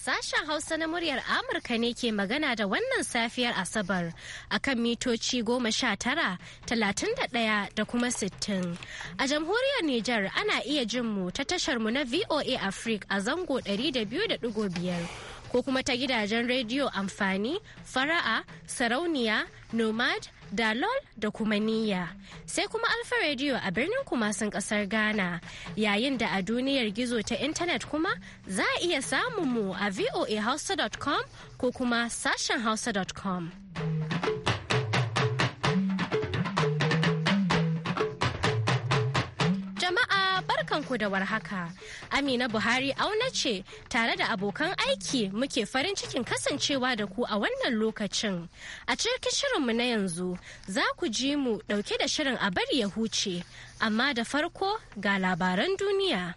Sashen Hausa na muryar Amurka ne ke magana da wannan safiyar Asabar a kan mitoci goma sha tara, talatin da ɗaya da kuma sittin. A jamhuriyar Nijar ana iya jin mu ta tasharmu na VOA Africa a zango ɗari da biyu da biyar. Ko kuma ta gidajen rediyo amfani, fara'a, sarauniya, nomad, dalol da kuma niyya sai kuma alfa radio a birnin kumasin kasar ghana yayin da a duniyar gizo ta intanet kuma za a iya samun mu a voahausa.com ko kuma sashen hausa.com ku da warhaka. Amina Buhari auna ce tare da abokan aiki muke farin cikin kasancewa da ku a wannan lokacin. A cikin shirinmu na yanzu za ku ji mu ɗauke da shirin a bari ya huce, amma da farko ga labaran duniya.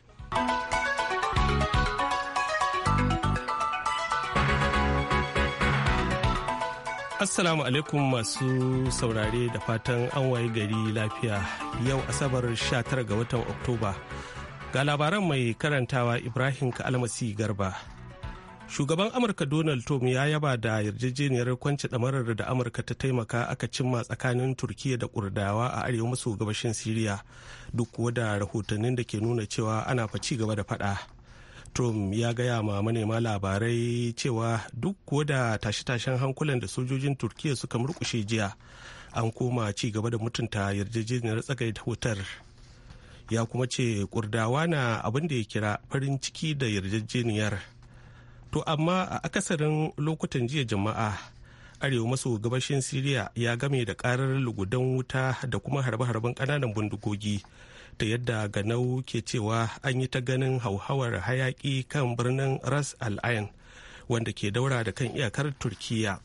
Assalamu alaikum masu saurare da fatan an waye gari lafiya yau Asabar 19 ga watan Oktoba. Ga labaran mai karantawa Ibrahim Kalmasi Garba. Shugaban Amurka Donald Trump ya yaba da yarjejeniyar kwanci tsamarar da Amurka ta taimaka aka cimma tsakanin turkiya da Kurdawa a arewa maso gabashin Siriya duk kuwa da rahotannin da ke nuna cewa ana faci gaba da faɗa. Trump ya gaya ma manema labarai cewa duk kuwa da tashe-tashen hankulan da sojojin turkiya suka murkushe jiya an koma ci gaba da mutunta yarjejeniyar tsagaita wutar. ya kuma ce kurdawa na abin da ya kira farin ciki da yarjejeniyar to amma a akasarin lokutan jiya jama'a arewa maso gabashin siriya ya game da karar lugudan wuta da kuma harbe-harben kananan bindigogi ta yadda ganau ke cewa an yi ta ganin hauhawar hayaki kan birnin ras al wanda ke daura da kan iyakar turkiya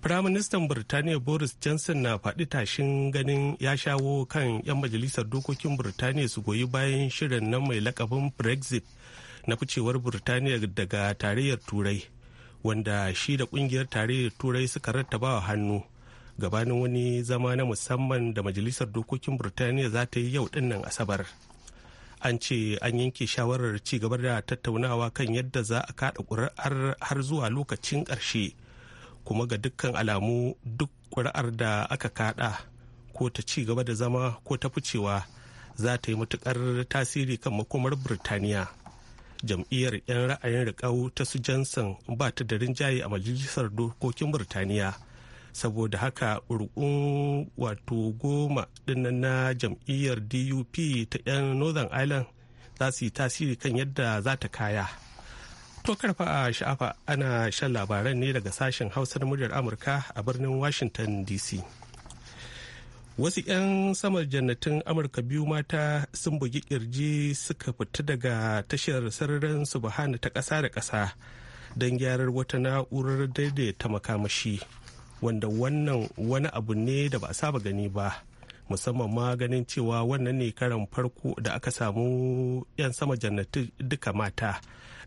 Firaministan Birtaniya Boris Johnson na faɗi tashin ganin ya shawo kan 'yan majalisar dokokin Birtaniya su goyi bayan shirin nan mai lakabin Brexit na ficewar Birtaniya daga tarayyar Turai, wanda shi da ƙungiyar tarayyar Turai suka rattaba hannu gabanin wani zama na musamman da majalisar dokokin Birtaniya za ta yi yau dinnan Asabar. an ce an yanke shawarar ci gaba da tattaunawa kan yadda za a kaɗa ƙuri'ar har zuwa lokacin ƙarshe kuma ga dukkan alamu duk ƙuri'ar da aka kaɗa ko ta ci gaba da zama ko ta ficewa za ta yi matuƙar tasiri kan makomar Birtaniya. Jam'iyyar 'yan ra'ayin riƙau ta su Johnson ba ta da rinjaye a majalisar dokokin Birtaniya. Saboda haka urkun wato goma dinnan na jam'iyyar DUP ta 'yan Northern Ireland za su yi tasiri kan yadda za ta kaya. To karfa a sha'afa ana shan labaran ne daga sashen hausa na muryar Amurka a birnin Washington DC. Wasu 'yan samar jannatin Amurka biyu mata sun bugi kirji suka fita daga tashar sararin subhana ta ƙasa da ƙasa don gyarar wata na'urar daidaita makamashi wanda wannan wani abu ne da ba a saba gani ba. musamman ma ganin cewa wannan ne karan farko da aka samu 'yan sama jannatin duka mata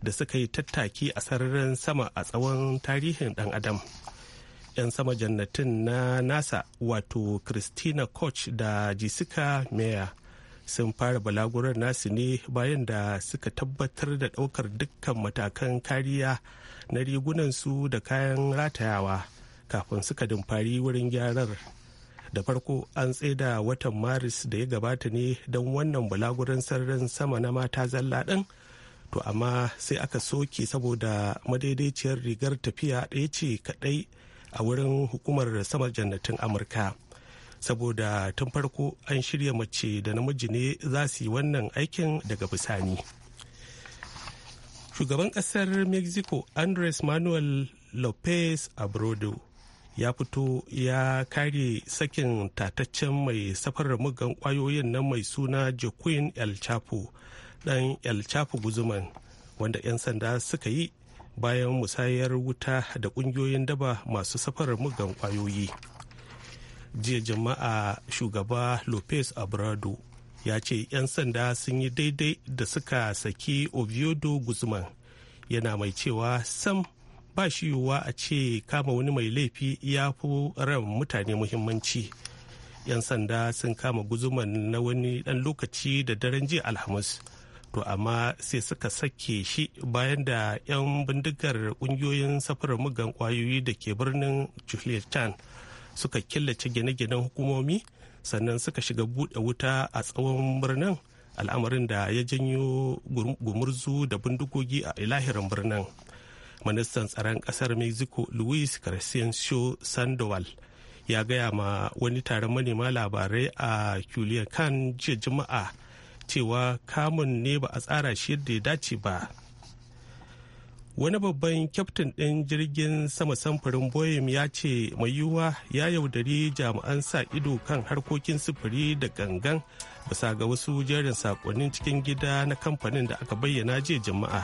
da suka yi tattaki a sararin sama a tsawon tarihin dan adam 'yan sama jannatin na nasa wato christina koch da jessica meyer sun fara balagurar nasu ne bayan da suka tabbatar da ɗaukar dukkan matakan kariya na rigunansu da kayan ratayawa kafin suka dumfari wurin gyarar da farko an tsaida watan maris da ya gabata ne don wannan balaguran sararin sama na mata zalla ɗin to amma sai aka soke saboda madaidaiciyar rigar tafiya ɗaya ce kaɗai a wurin hukumar samar jannatin amurka saboda tun farko an shirya mace da namiji ne za su yi wannan aikin daga bisani shugaban ƙasar mexico andres manuel lopez abrodo ya fito ya kare sakin tataccen mai safarar mugan kwayoyin nan mai suna joaquin el chapo dan el chapo guzuman wanda 'yan sanda suka yi bayan musayar wuta da kungiyoyin daba masu safar mugan kwayoyi jiya jama'a shugaba lopez abrado ya ce 'yan sanda sun yi daidai da suka saki oviodo guzman yana mai cewa sam ba shi yiwuwa a ce kama wani mai laifi ya fi ran mutane muhimmanci 'yan sanda sun kama guzuman na wani dan lokaci da daren jiya alhamis to amma sai suka sake shi bayan da 'yan bindigar kungiyoyin safarar mugan kwayoyi da ke birnin julian suka killace gine-ginen hukumomi sannan suka shiga buɗe wuta a tsawon birnin al'amarin da ya janyo gumurzu da bindigogi a ilahirin birnin ministan tsaron kasar mexico luis crescencio sandoval ya gaya ma wani taron manema labarai a culiacan jiya juma'a cewa kamun ne ba a tsara shi yadda ya dace ba wani babban kyaftin ɗin jirgin sama samfurin boyem ya ce mai yiwuwa ya yaudari jami'an sa ido kan harkokin sufuri da gangan bisa ga wasu jerin saƙonnin cikin gida na kamfanin da aka bayyana jiya jama'a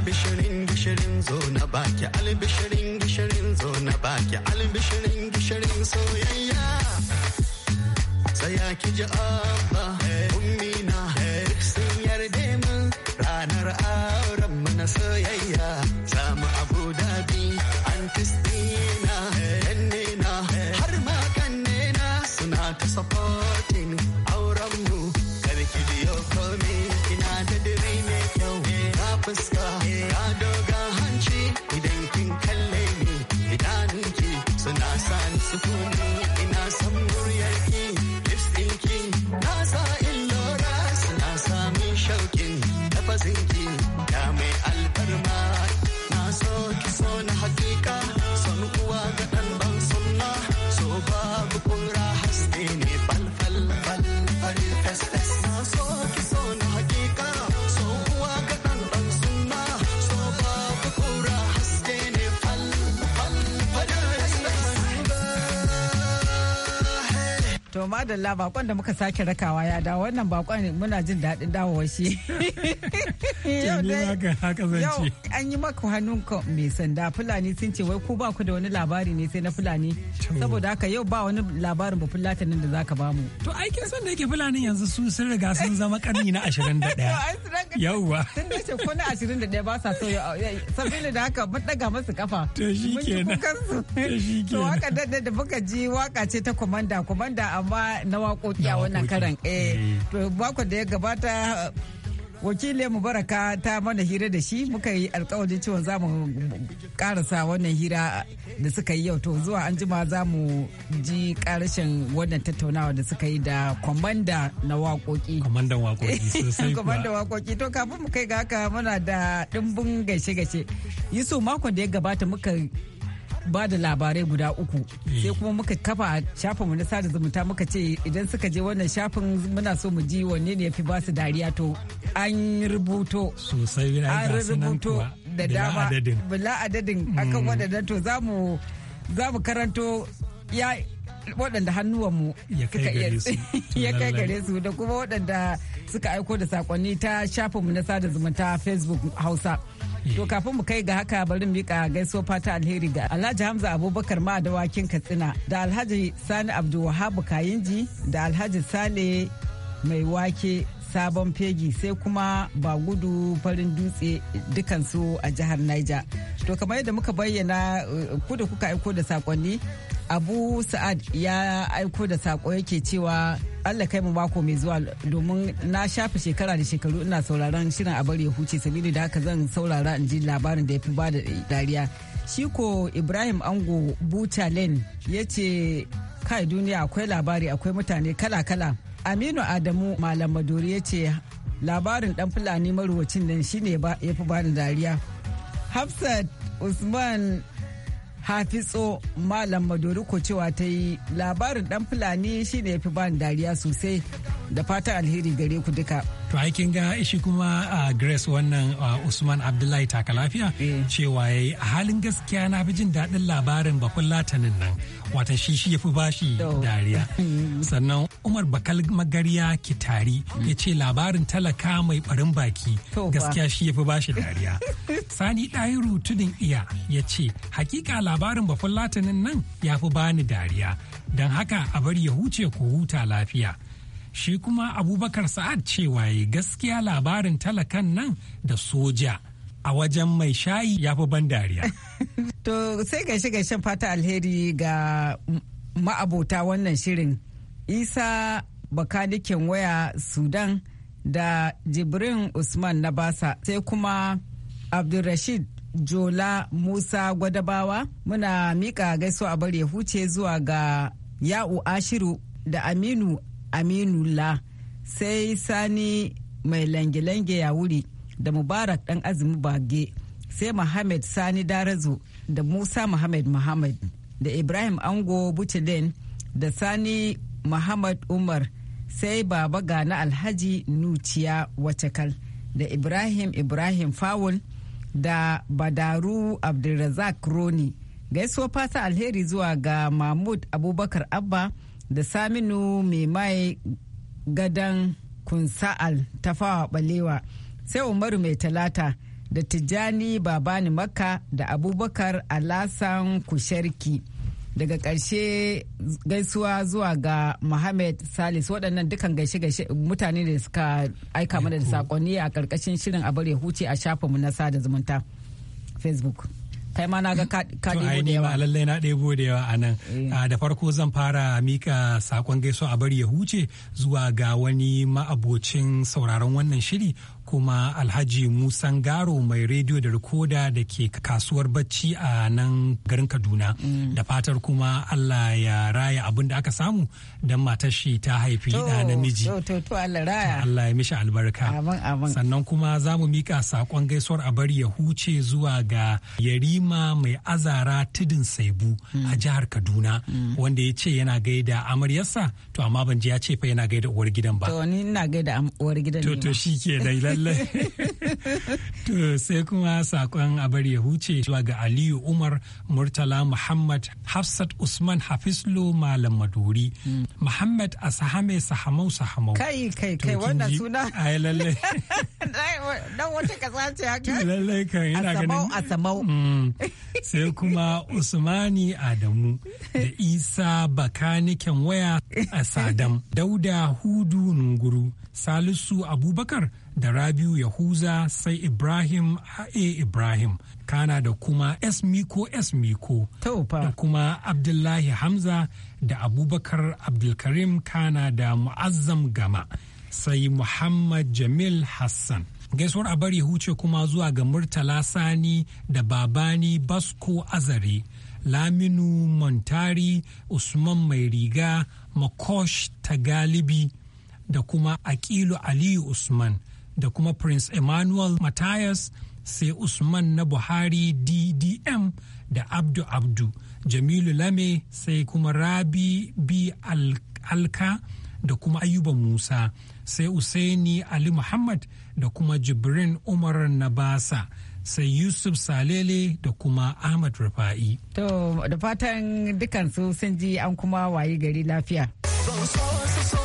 albishirin gishirin zo na baki albishirin gishirin zo na baki albishirin gishirin soyayya saya ki ji abba ummi na duk sun yarda mun ranar auren mu na soyayya da bakon da muka sake rakawa ya dawo wannan bakon muna jin daɗin dawowa shi Eh, yau an yi maka hannun ka mai sanda fulani sun ce wai ko ba ku da wani labari ne sai na fulani saboda haka yau ba wani labarin ba nan da za ka bamu. to aikin san da yake fulani yanzu su sun riga sun zama karni na 21 yauwa sun dace ko na 21 ba sa so sabili da haka mun daga masu kafa to shikenan to shikenan to haka da da muka ji waka ce ta komanda komanda amma na waƙoƙi a wannan karan eh, eh. to bako da ya gabata wakilin mubaraka ta mana hira da shi muka yi alkawarin cewa za mu karasa wannan hira da suka yi yau to zuwa an jima za mu ji karashin wannan tattaunawa da suka yi da kwamanda na waƙoƙi kwamandan waƙoƙi to kafin mu kai ga haka muna da ɗimbin gaishe-gaishe yusuf makon da ya gabata muka ba da labarai guda uku eh. sai kuma muka kafa shafin mu na sada zumunta muka ce idan suka je wannan shafin muna so mu ji wanne ne fi ba su dariya to an rubuto sosai an rubuto da dama bila adadin akan mm. wadannan to za mu za mu karanto ya waɗanda hannuwanmu ya kai gare su da kuma waɗanda suka aiko da sakonni ta shafinmu na sada zumunta facebook hausa To kafin mu kai ga haka bari mu mika gaiso fata alheri ga Alhaji Hamza Abubakar ma da wakin Katsina da Alhaji Sani Abdulwahab Kayinji da Alhaji Sale mai wake sabon fegi sai kuma ba gudu farin dutse dukansu a jihar Niger. To kamar yadda muka bayyana eh, ku da kuka aiko da sakonni abu sa'ad ya aiko da sako yake cewa allah kai mu mako mai zuwa domin na shafe shekara da shekaru ina sauraron shirin a bari ya huce sabili da haka zan saurara in ji labarin da ya fi bada dariya Shiko ibrahim ango butalen ya ce kai duniya akwai labari akwai mutane kala-kala aminu adamu malam maduri ya ce labarin dan fulani maruwacin nan shine ya fi bada dariya hafsat usman hafizo malam madori ko cewa ta yi labarin dan fulani shine ya fi bani dariya sosai da fatan alheri gare ku duka to aikin ga shi kuma a grace wannan uh, usman abdullahi taka lafiya mm. cewa yayi a halin gaskiya na fi jin daɗin labarin bakun latanin nan wata shi shi ya fi bashi dariya mm. sannan umar bakal magariya kitari mm. ya ce labarin talaka mai ɓarin baki gaskiya shi ya yafi bashi dariya sani ɗayiru tudun iya ya ce hakika labarin bakun latanin nan ya fi bani dariya don haka a bari ya huce ku huta lafiya shi kuma abubakar sa'ad cewa gaskiya labarin talakan nan da soja a wajen mai shayi ya fi ban dariya. to sai gaishe gaishen fata alheri ga ma'abota wannan shirin isa bakanikin waya sudan da jibrin usman na basa sai kuma abdulrashid jola musa gwadabawa muna miƙa gaisuwa a bari huce zuwa ga ya'u ashiru da aminu aminu la sai sani mai lange-lange ya wuri da mubarak ɗan azumi bage sai muhammad sani darazu da musa muhammad muhammad da ibrahim ango butulin da sani muhammad umar sai baba gana alhaji nuciya wacekal da ibrahim ibrahim fawul da badaru abdulrazak roni gaisuwa fata alheri zuwa ga mahmud abubakar abba da saminu mai mai gadan kunsa'al ta fawa balewa sai umaru mai talata da tijjani babani makka da abubakar alasan kusharki daga karshe gaisuwa zuwa ga Mohammed Salis waɗannan dukan gaishe-gaishe mutane da suka aika mana da saƙonni a ƙarƙashin shirin a bare huce a shafinmu na sada zumunta Facebook. kai ma na ga ka ɗebo da yawa lallai na ɗebo da yawa a nan eh. ah, da farko zan fara mika sakon gaisuwa a bari ya huce zuwa ga wani ma'abocin sauraron wannan shiri kuma alhaji musan garo mai rediyo da rikoda da ke kasuwar bacci a nan garin kaduna mm. da fatar kuma allah ya raya abin da aka samu don matar shi ta haifi da namiji allah ya mishi albarka sannan kuma za mu mika sakon gaisuwar a bari ya huce zuwa ga yarima mai azara tudun saibu mm. a jihar kaduna mm. wanda ya ce yana gaida amaryarsa to amma ban ji ya ce fa yana gaida uwar gidan ba to ni ina gaida uwar gidan to to shi ke da lallai to sai kuma sakon abar ya huce zuwa ga aliyu umar murtala muhammad hafsat usman hafislo malam maduri hmm. muhammad asahame sahamau sahamau kai kai kai wannan suna ai lallai dan wata kasa ce haka lallai kan yana ganin asamau hmm. sai kuma usmani adamu da isa bakaniken waya a sadam dauda hudu nunguru salisu abubakar da rabiu yahuza sai ibrahim a ibrahim kana da kuma s miko s miko da kuma abdullahi hamza da abubakar abdulkarim kana da mu'azzam gama sai muhammad jamil hassan gaisuwar a bari huce kuma zuwa ga murtala sani da babani basko azare laminu montari usman mai riga makosh tagalibi da kuma akilu aliyu usman da kuma prince emmanuel matthias sai usman na buhari ddm da abdu abdu jamilu lame sai kuma rabi b alka da kuma ayuba musa sai usaini ali muhammad da kuma jibrin umar nabasa sai yusuf salele da kuma ahmad rafa'i to da fatan dukansu sun ji an kuma wayi gari lafiya so, so, so,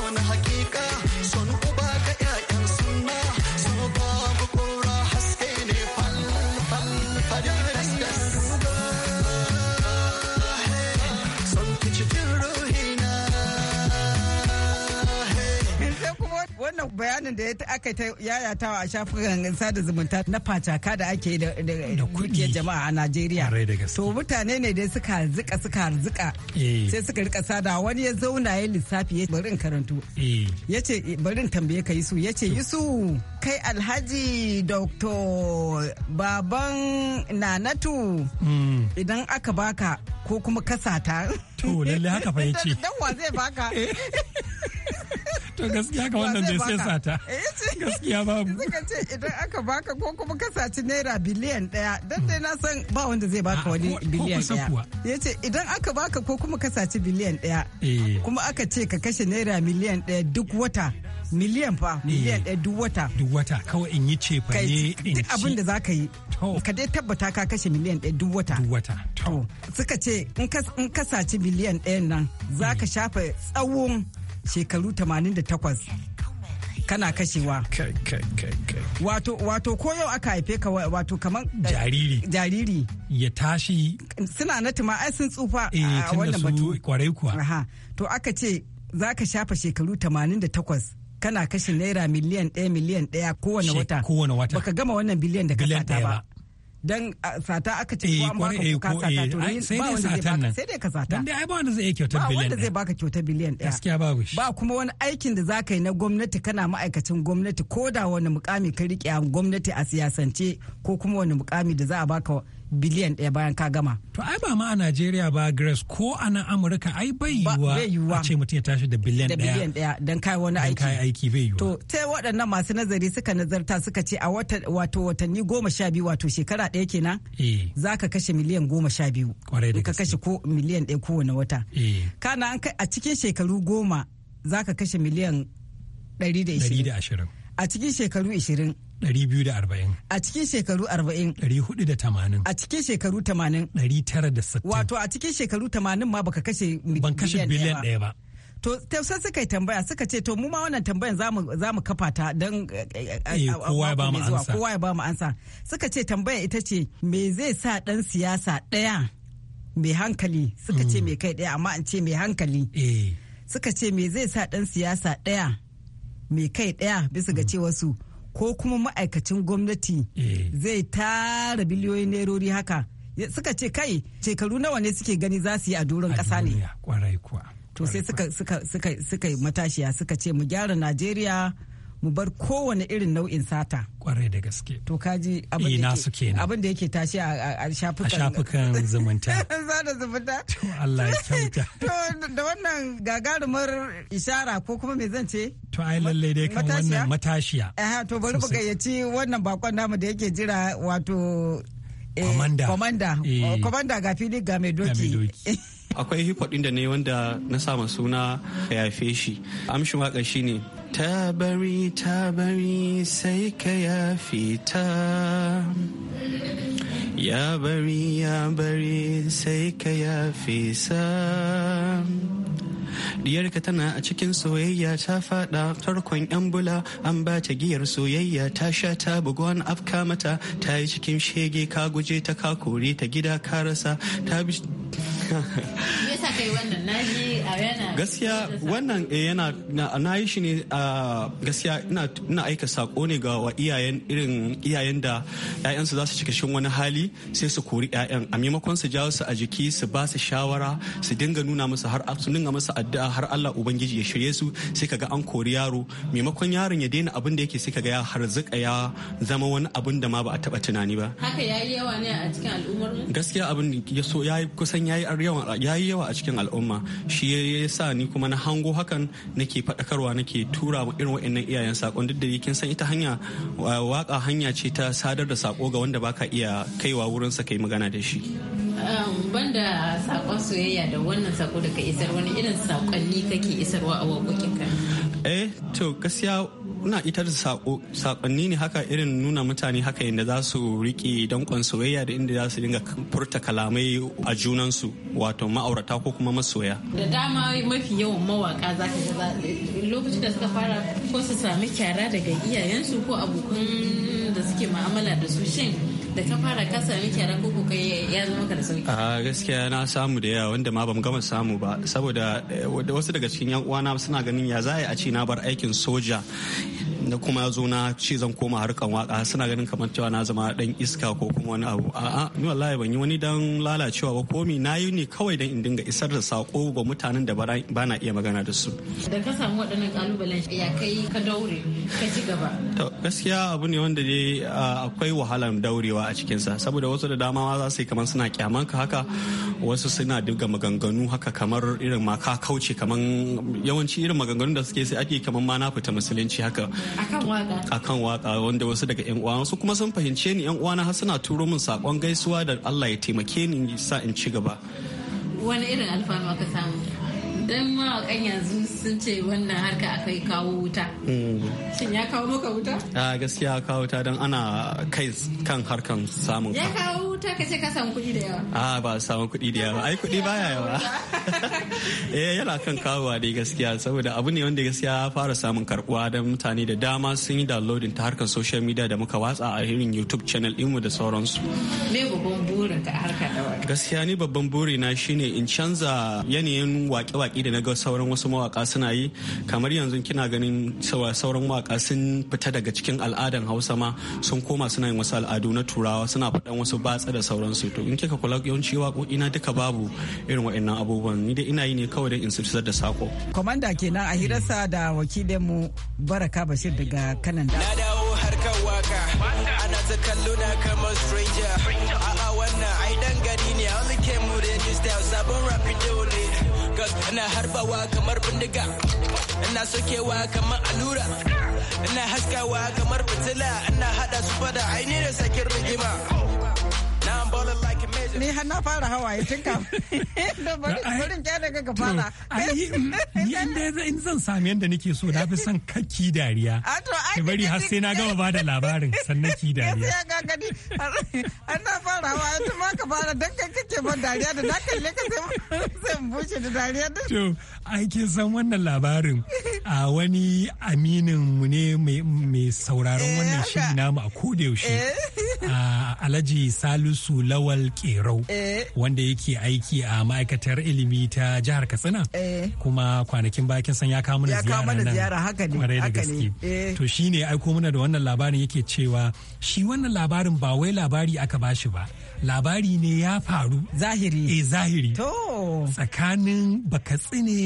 bayanin da aka ta yayatawa a shafukan sada zumunta na facaka da ake da kuɗi jama'a a Najeriya. To mutane ne da suka zika suka zika eh. sai suka rika sada wani ya zauna ya lissafi ya bari in karantu. Eh. Ya ce eh, bari in tambaye ka Yusu ya ce Yusu kai Alhaji Dr. Baban Nanatu hmm. idan aka baka ko kuma kasata. To lalle haka fa ya ce. Dan wa zai baka. to gaskiya ka wannan dai sai sata eh, gaskiya babu suka ce idan aka baka ko kuma ka saci naira biliyan daya dan dai na san ba wanda zai baka ah, wani biliyan daya yace idan aka baka ko kuma ka saci biliyan daya eh. kuma aka ce ka kashe naira miliyan daya duk wata miliyan fa eh. miliyan daya duk wata duk wata kawai in yi ce fa ne in duk abin da za ka yi ka dai tabbata ka kashe miliyan daya duk wata duk wata to suka ce in ka saci miliyan dayan nan za ka shafa tsawon shekaru 88 kana kashewa wato wato ko yau aka haife ka wato kamar jariri jariri ya tashi suna na tuma ai sun tsufa eh, a wannan batu kwarai kuwa to aka ce za ka shafa shekaru 88 kana kashe naira miliyan 1 miliyan 1 kowane wata kowane wata baka gama wannan biliyan da ka fata ba dan sata aka ce eh, ko an baka ko ka sata to eh, ne ba wanda zai baka sai dai ka sata dan dai ai ba wanda zai kyautar biliyan ba wanda zai baka kyauta biliyan ɗaya gaskiya babu shi ba kuma wani aikin da zaka yi na gwamnati kana ma'aikacin gwamnati ko da wani mukami ka rike a gwamnati a siyasance ko kuma wani mukami da za a baka biliyan ɗaya bayan ka gama. To ai ba ma a Najeriya ba Grace ko a nan Amurka ai bai yiwuwa a ce mutum ya tashi da biliyan ɗaya. Da biliyan ɗaya don kai wani aiki. Don kai aiki bai yiwuwa. To sai waɗannan masu nazari suka nazarta suka ce a wata wato watanni goma sha biyu wato shekara ɗaya kenan. Eh. Za ka kashe miliyan goma sha biyu. Kwarai da gaske. Ka kashe ko miliyan ɗaya kowane wata. Eh. Kana a cikin shekaru goma za ka kashe miliyan ɗari da ashirin. A cikin shekaru ashirin. 240 a cikin shekaru 40 480 a cikin shekaru 80 960 wato a cikin shekaru 80 ma baka kashe ban kashe biliyan ɗaya ba to tausar suka yi tambaya suka ce to mu ma wannan tambayan za mu kafa ta don eh, eh, eh, kowa ya ba mu ansa kowa ba mu ansa suka ce tambaya ita ce me zai sa dan siyasa ɗaya mai hankali suka ce hmm. mai kai ɗaya amma an ce mai hankali suka ce me zai sa dan siyasa ɗaya mai kai ɗaya bisa ga hmm. cewa su ko kuma ma'aikacin gwamnati eh. zai tara biliyoyin nerori haka suka ce kai shekaru nawa ne suke gani za su yi a doron ƙasa ne to sai suka yi matashiya suka ce mu gyara najeriya mu bar kowane irin nau'in sata kwarai da gaske to kaji abin da yake tashi a shafukan zumunta zada zumunta to Allah ya kyauta to da wannan gagarumar ishara ko kuma me zan ce to ai lalle dai kan wannan matashiya eh to bari mu gayyaci wannan bakon namu da yake jira wato Komanda. Eh, Komanda. Komanda eh. ga fili ga mai doki. akwai hip hop da ne wanda na sa ma suna ya yafe shi amshin waka shine ta bari ta bari sai ka yafe ta ya bari ya bari sai ka yafe sa diyarka tana a cikin soyayya ta fada tarkon yan bula an ba ta giyar soyayya ta sha ta wani afka mata ta yi cikin shege ka guje ta ka kore ta gida ka rasa yasa kai wannan na ji a yana gaskiya wannan eh, yana na yi shi ne a gaskiya ina aika sako ne ga wa iyayen irin iyayen da ƴaƴansu za su cika shi wani hali sai su kori ƴaƴan a maimakon su jawo su a jiki su ba su shawara su dinga nuna musu har su dinga musu addu'a har Allah ubangiji ya shirye su sai kaga an kori yaro maimakon yaron ya daina abin da yake sai kaga ya harzuka ya zama wani abin da ma ba a taba tunani ba haka yayi yawa ne a cikin al'ummar gaskiya abin ya so yayi kusan ya yi yawa a cikin al'umma shi ya sa ni kuma na hango hakan nake faɗakarwa nake tura irin wa'annan iyayen saƙon duk da kin san ita hanya waka hanya ce ta sadar da sako ga wanda baka iya kaiwa wurinsa kai magana da shi um, banda saƙon soyayya da wannan sako da ka isar wani irin sakonni kake isarwa a wakokinka eh to gaskiya kuna itar sakonni ne haka irin nuna mutane haka inda za su riƙe dankon soyayya da inda za su dinga furta kalamai a junansu wato ma'aurata ko kuma masoya. Da dama mafi yawan mawaka za ka ga lokacin da suka fara ko su sami kyara daga iyayensu ko abokan da suke ma'amala da su shin da ka fara ka sami kyaran koko kai ya zama ka da sauki a gaskiya na samu da yawa wanda ma ban gama samu ba saboda eh, wasu daga cikin yan uwana suna ganin ya za a ce na bar aikin soja da kuma zo na ce zan koma harkan waka suna ganin kamar cewa na zama dan iska ko kuma wani abu a'a ni wallahi ban yi wani dan lalacewa ba komi na yi ne kawai dan in dinga isar da sako ga mutanen da ba na iya magana da su da ka samu waɗannan kalubalen ya kai ka daure ka ci gaba to gaskiya abu ne wanda dai akwai wahalan daurewa a cikin sa saboda wasu da dama ma za su yi kamar suna kyaman ka haka wasu suna duga maganganu haka kamar irin ma ka kauce kamar yawanci irin maganganun da suke sai ake kamar ma na fita musulunci haka akan waka waka wanda wasu daga yan uwana su kuma sun fahimce ni yan uwana har suna turo min sakon gaisuwa da Allah ya taimake ni sa in ci gaba wani irin alfanu aka samu dan mawakan yanzu sun ce wannan harka akai kawo wuta mm. shin ya kawo maka wuta a ah, gaskiya kawo wuta don ana kai kan harkan samun ya kawo ta ka ce ka samu kuɗi da yawa ah, a ba samu kuɗi da yawa ai kuɗi baya yawa eh yana kan kawowa dai gaskiya saboda abu ne wanda gaskiya ya fara samun karbuwa da mutane da dama sun yi downloading ta harkar social media da muka watsa a irin YouTube channel ɗinmu da sauransu me babban burin ka harkar da wani. gaskiya ni babban buri na shine in canza yanayin waƙe-waƙe da na ga sauran wasu mawaƙa suna yi kamar yanzu kina ganin sauran mawaƙa sun fita daga cikin al'adan Hausa ma sun koma suna yin wasu al'adu na Turawa suna faɗan wasu batsa da sauransu to in kika kula yawanci waƙoƙi na duka babu irin wa'annan abubuwan ni dai ina yi ne kawai da in sirtar da sako. Komanda kenan a hirarsa da mu Baraka Bashir daga Kanan. Na dawo harkar waka ana ta na kamar stranger a'a wannan ai dan gari ne a came with da new style sabon rapido ne ina harbawa kamar bindiga ina sokewa kamar allura ina haskawa kamar fitila ina hada su fada aini da sakin rigima Ni har na fara hawaye tun kafa. Barin kya daga ka Ni in zan sami yadda nake so na fi son kaki dariya. Ki bari har sai na gama ba da labarin sannan ki dariya. Ya ga gani an na fara hawaye tun ma ka fara dan kai kake ban dariya da na kalle ka sai bushe da dariya. To ai ke san wannan labarin a wani aminin mu ne mai sauraron eh, wannan shirin namu a kodayaushe yaushe. Eh. Alhaji Salisu su Lawal Kerau eh. wanda yake aiki a ma'aikatar ilimi ta jihar Katsina eh. kuma kwanakin bakin san ya kawo mana ziyara nan kwarai da gaske eh. to shi ne aiko mana da wannan labarin yake cewa shi wannan labarin ba wai labari aka bashi ba labari ne ya faru zahiri zahiri tsakanin bakatsine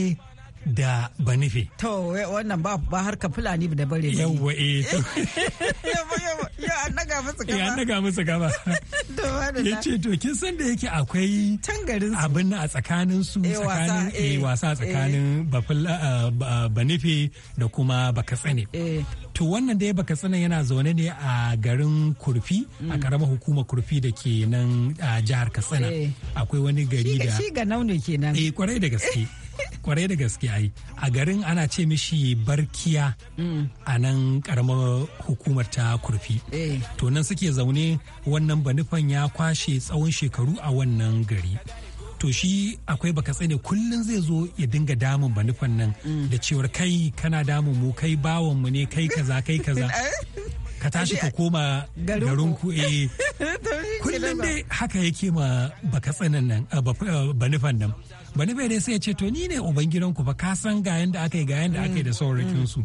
da banife. To wannan ba harka fulani da bare ne. Yawwa eh. Ya an musu gaba. Ya an musu gaba. Ya ce to kin san da yake akwai tangarin abin a tsakanin su tsakanin eh wasa tsakanin eh. Eh, eh. banife da kuma tsane. To wannan da ya baka tsane yana zaune ne a garin Kurfi a mm. karamar hukumar Kurfi da ke nan a jihar Katsina. Akwai wani gari da. Shi ga naune kenan. Eh kwarai da gaske. kwarai da gaske ai a garin ana ce mishi barkiya mm. a nan karamar hukumar ta kurfi eh. to nan suke zaune wannan banufan ya kwashe tsawon shekaru a wannan gari to shi akwai baka tsaye kullum zai zo ya dinga damun banufan nan mm. da cewar kai kana damun mu kai bawan mu ne kai kaza kai kaza eh? ka tashi ka koma garin ku eh. kullum dai haka yake ma baka tsanan nan eh, eh, banufan nan banufan dai sai ya ce to ni ne uban ku ba ka san ga yanda aka yi ga yanda aka yi da mm, sauran mm. su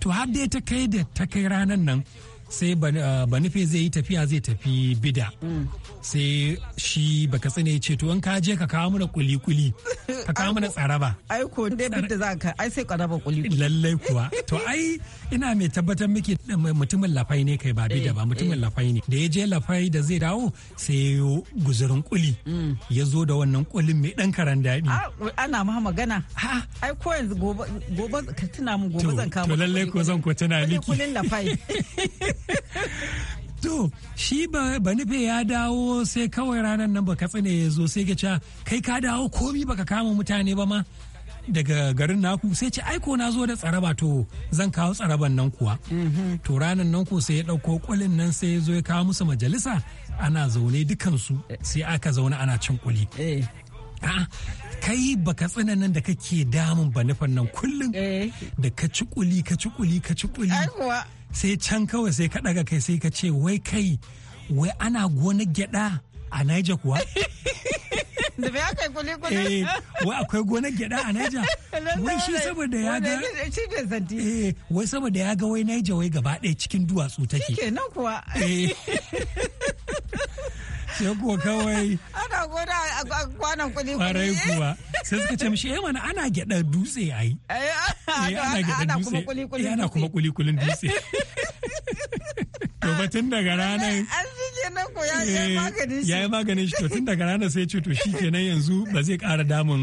to har dai ta kai da ta kai ranan nan sai ah, banife zai yi tafiya zai tafi bida mm. sai shi baka tsine ya ce to in ka je ka kawo mana kuli-kuli ka kawo mana tsaraba ai ko dai bidda za ka ai sai kwaraba kuli-kuli lallai kuwa to ai ina mai tabbatar miki mutumin lafai ne kai ba bida ba eh, mutumin eh. lafai ne da ya je lafai da zai dawo sai ya guzurin kuli mm. ya zo da wannan kulin mai dan karan daɗi ah, ana ma magana ai ko yanzu gobe ka tuna mu gobe zan kawo to lallai ko zan ko tuna miki kulin lafai to shi ba nufe ya dawo sai kawai ranar nan ba tsine ya zo sai ga kai ka dawo komi baka kama mutane ba ma daga garin naku sai ce aiko na zo da tsaraba to zan kawo tsaraban nan kuwa mhm. to ranar nan ku sai ya ɗauko kulin nan sai ya zo ya kawo musu majalisa ana zaune dukansu sai aka zaune ana cin kuli eh. kai baka nan da kake damun ba nufan nan kullum eh. da ka ci kuli ka ci kuli ka ci kuli sai can kawai sai ka ɗaga kai sai ka ce wai kai wai ana gona gyaɗa a Niger kuwa. Da bai aka kuli kuli. Eh, wai akwai gona gyada a Niger. Wai shi saboda ya ga. Shi da eh, Wai saboda ya ga wai Niger wai gaba ɗaya cikin duwatsu take. Shi kenan kuwa. Eh. ya ko kawai ana gona a kwanan kuli kwarai kuwa sai suka ce mishi eh mana ana gyada dutse ai eh, ana eh, gyada dutse ana kuma kuli kulin dutse to ba tun daga ranar an shi kenan ko ya yi eh, maganin shi ya yi maganin shi to tun daga ranar sai ce to shi kenan yanzu ba zai kara damun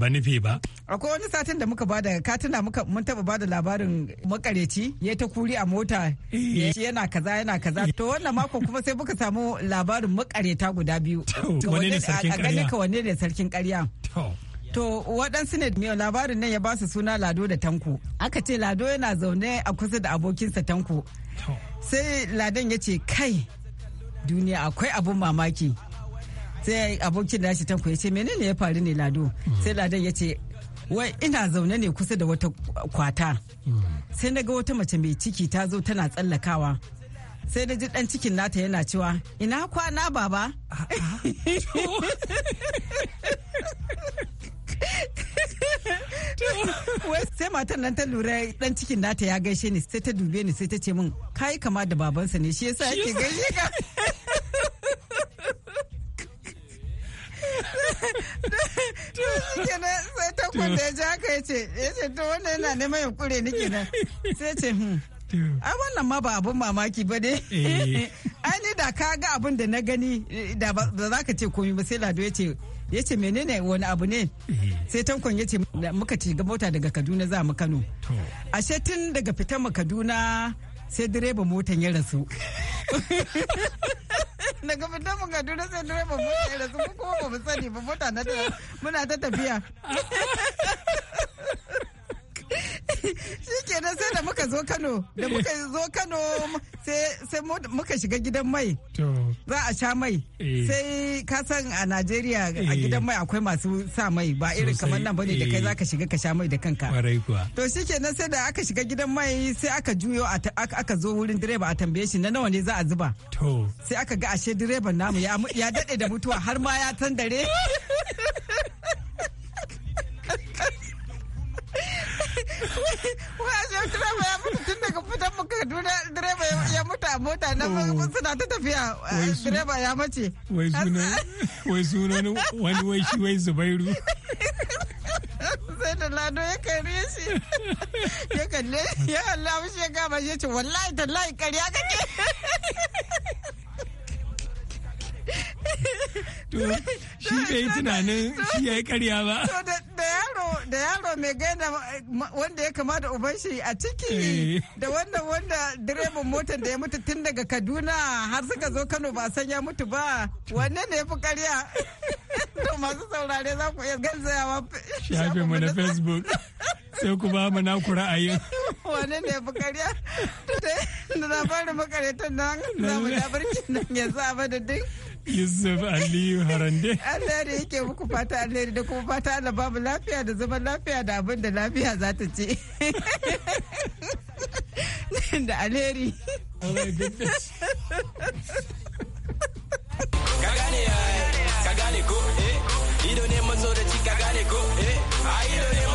ba nufe ba akwai wani satin da muka bada katina muka mun taba bada labarin makareci ya ta kuri a mota eh. yana kaza yana kaza to wannan mako kuma sai muka samu labarin makareta guda biyu wanne ne sarkin karya wanne ne sarkin karya To waɗansu ne labarin nan ya ba su suna Lado da Tanko. Aka ce Lado yana zaune a kusa da abokinsa Tanko. Sai Ladon ya ce kai duniya akwai abun mamaki. Sai abokin da shi Tanko ya ce menene ya faru ne Lado? Hmm. Sai Ladon ya ce wai ina zaune ne kusa da wata kwata. Hmm. Sai na ga wata mace mai ciki ta zo tana tsallakawa. sai da ji dan cikin nata yana cewa ina kwana baba ah, ah. sai matan nan ta lura dan cikin nata ya gaishe ni sai ta dube ni sai ta ce min kai kama da babansa ne shi yasa yake gaishe ka sai ta kwanta ya ji haka ya ce ya ce to wannan yana neman ya kure ni kenan sai ce hmm. a wannan ma ba abun mamaki ba dai eh. ai ni da ka ga abin da na gani da ba za ka ce komi ba sai lado ya ce ya ce menene wani abu ne eh. sai tankon ya ce muka ci mota daga kaduna za mu kano ashe tun daga fitan mu kaduna sai direba motan ya rasu daga fitan mu kaduna sai direba motan ya rasu ko ba mu sani ba mota na muna ta tafiya shi kenan sai da muka zo kano da muka zo kano sai muka shiga gidan mai za a sha mai eh. sai ka san a najeriya a eh. gidan mai akwai masu sa mai ba irin kamar nan bane da kai eh. za ka shiga ka sha mai da kanka to shi kenan sai da aka shiga gidan mai sai aka juyo aka zo wurin direba a tambaye shi na nawa ne za a zuba sai aka ga ashe direban namu ya daɗe da mutuwa har ma ya tandare wajen direba ya mutu tun daga fitan mu ka kaduna direba ya mutu a mota na suna ta tafiya direba ya mace wai sunan wani wai shi wai zubairu sai da lado ya kare shi ya kalle ya Allah mishi ya gama ya ce wallahi tallahi kariya kake to shi bai yi tunanin shi ya yi karya ba da yaro mai gaina wanda ya kama da uban shi a ciki eh. da wanda wanda direban motar da ya mutu tun daga kaduna har suka zo kano ba san ya mutu ba wanne ne ya fi karya to masu saurare za ku iya wa. shafin mu na facebook sai ku ba mu naku ra'ayin wane ne fi karya da labarin makarantar nan za mu dabarci nan yanzu da duk Yusuf Aliyu Harande. Allah da yake muku fata alheri da kuma fata Allah babu lafiya da zaman lafiya da abin da lafiya za ta ce. Da alheri. Ka gane ka gane ko eh ido ne mazo da ci ka gane ko eh a ido ne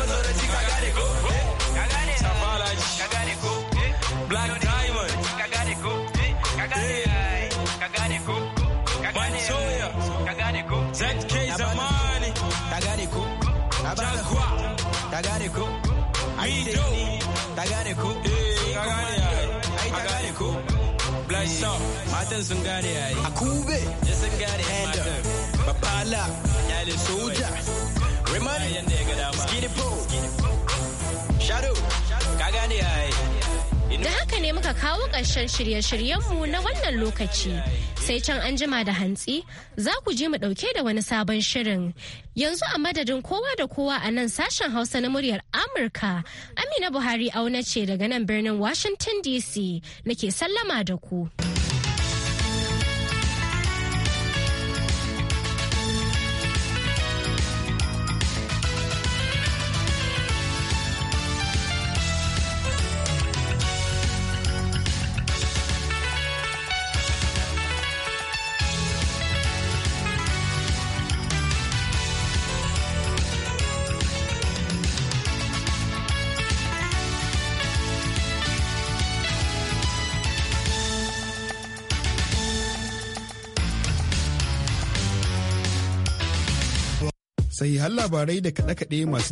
ta gane ko eh, ai ta gane ko ai ta gane ko matan sun gane ya sun gane matan soja skinny pole shadow ka gane Da haka ne muka kawo ƙarshen shirye-shiryenmu na wannan lokaci sai can an jima da hantsi za ku je mu ɗauke da wani sabon shirin. Yanzu a madadin kowa da kowa a nan sashen Hausa na muryar Amurka, Amina Buhari auna ce daga nan birnin Washington DC nake sallama da ku. sai har labarai da kaɗe-kaɗe masu